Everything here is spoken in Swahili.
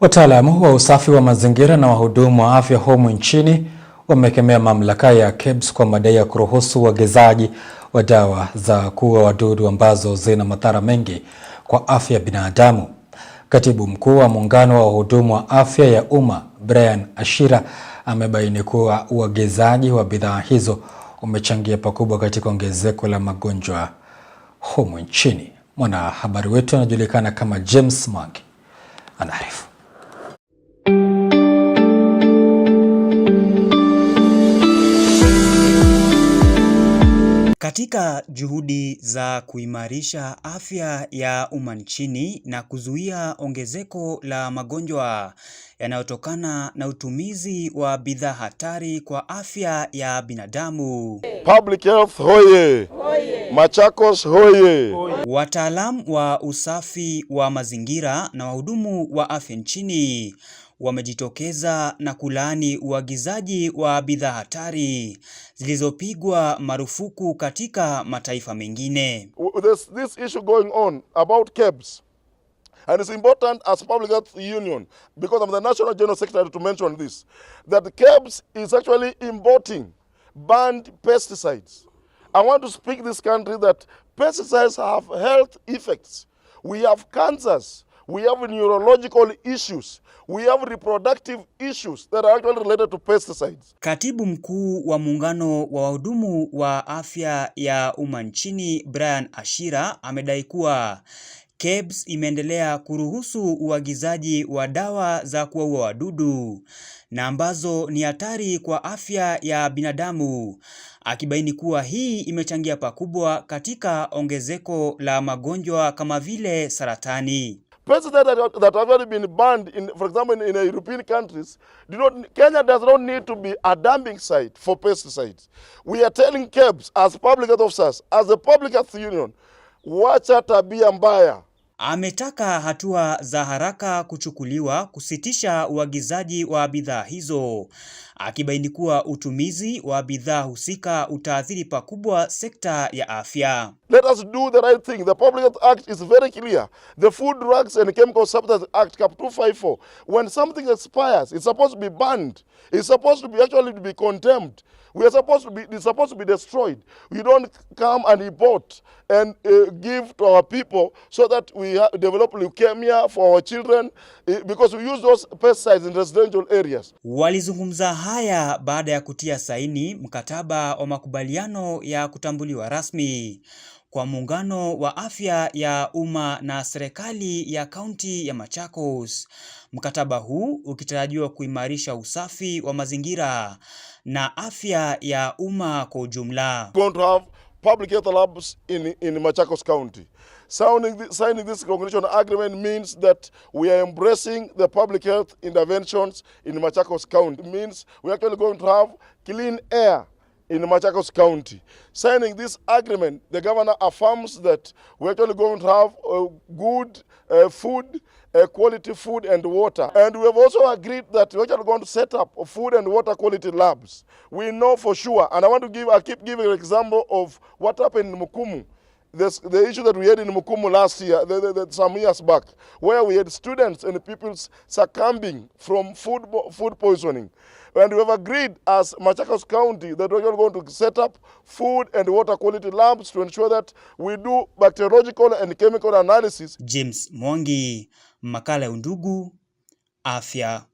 Wataalamu wa usafi wa mazingira na wahudumu wa afya humu nchini wamekemea mamlaka ya KEBS kwa madai ya kuruhusu uagizaji wa dawa za kuua wadudu ambazo zina madhara mengi kwa afya ya binadamu. Katibu Mkuu wa Muungano wa Wahudumu wa Afya ya Umma, Brian Ashira, amebaini kuwa uagizaji wa bidhaa hizo umechangia pakubwa katika ongezeko la magonjwa humu nchini. Mwanahabari wetu anajulikana kama James Mwangi anaarifu. Katika juhudi za kuimarisha afya ya umma nchini na kuzuia ongezeko la magonjwa yanayotokana na utumizi wa bidhaa hatari kwa afya ya binadamu. Public health hoye! Machakos hoye! Wataalamu wa usafi wa mazingira na wahudumu wa afya nchini wamejitokeza na kulaani uagizaji wa bidhaa hatari zilizopigwa marufuku katika mataifa mengine. There's this issue going on about KEBS. And it's important as public health union, because I'm the National General Secretary to mention this, that KEBS is actually importing banned pesticides. I want to speak this country that pesticides have health effects. We have cancers. We have neurological issues. We have reproductive issues that are actually related to pesticides. Katibu mkuu wa muungano wa wahudumu wa afya ya umma nchini Brian Ashira amedai kuwa KEBS imeendelea kuruhusu uagizaji wa dawa za kuwaua wadudu na ambazo ni hatari kwa afya ya binadamu, akibaini kuwa hii imechangia pakubwa katika ongezeko la magonjwa kama vile saratani places that, that, that have already been banned, in, for example, in, in uh, European countries, do not, Kenya does not need to be a dumping site for pesticides. We are telling KEBS as public health officers, as a public health union, wacha tabia mbaya. Ametaka hatua za haraka kuchukuliwa kusitisha uagizaji wa bidhaa hizo akibaini kuwa utumizi wa bidhaa husika utaathiri pakubwa sekta ya afya. Let us do the right thing. The Public Health Act is very clear. The Food Drugs and Chemical Substances Act Cap 254. When something expires, it's supposed to be banned. It's supposed to be actually to be condemned. We are supposed to be it's supposed to be destroyed. We don't come and import and uh, give to our people so that we develop leukemia for our children uh, because we use those pesticides in residential areas. Walizungumza haya baada ya kutia saini mkataba wa makubaliano ya kutambuliwa rasmi kwa muungano wa afya ya umma na serikali ya kaunti ya Machakos. Mkataba huu ukitarajiwa kuimarisha usafi wa mazingira na afya ya umma kwa ujumla public health labs in, in Machakos County. Signing, signing this recognition agreement means that we are embracing the public health interventions in Machakos County. It means we're actually going to have clean air in Machakos County. Signing this agreement, the governor affirms that we're actually going to have uh, good uh, food, uh, quality food and water. And we have also agreed that we're actually going to set up food and water quality labs. We know for sure, and I want to give, I keep giving an example of what happened in Mukumu. this, the issue that we had in Mukumu last year, the, the, the, some years back, where we had students and people succumbing from food, food poisoning. And we have agreed as Machakos County that we're going to set up food and water quality labs to ensure that we do bacteriological and chemical analysis. James Mwangi, makala ya Undugu, afya.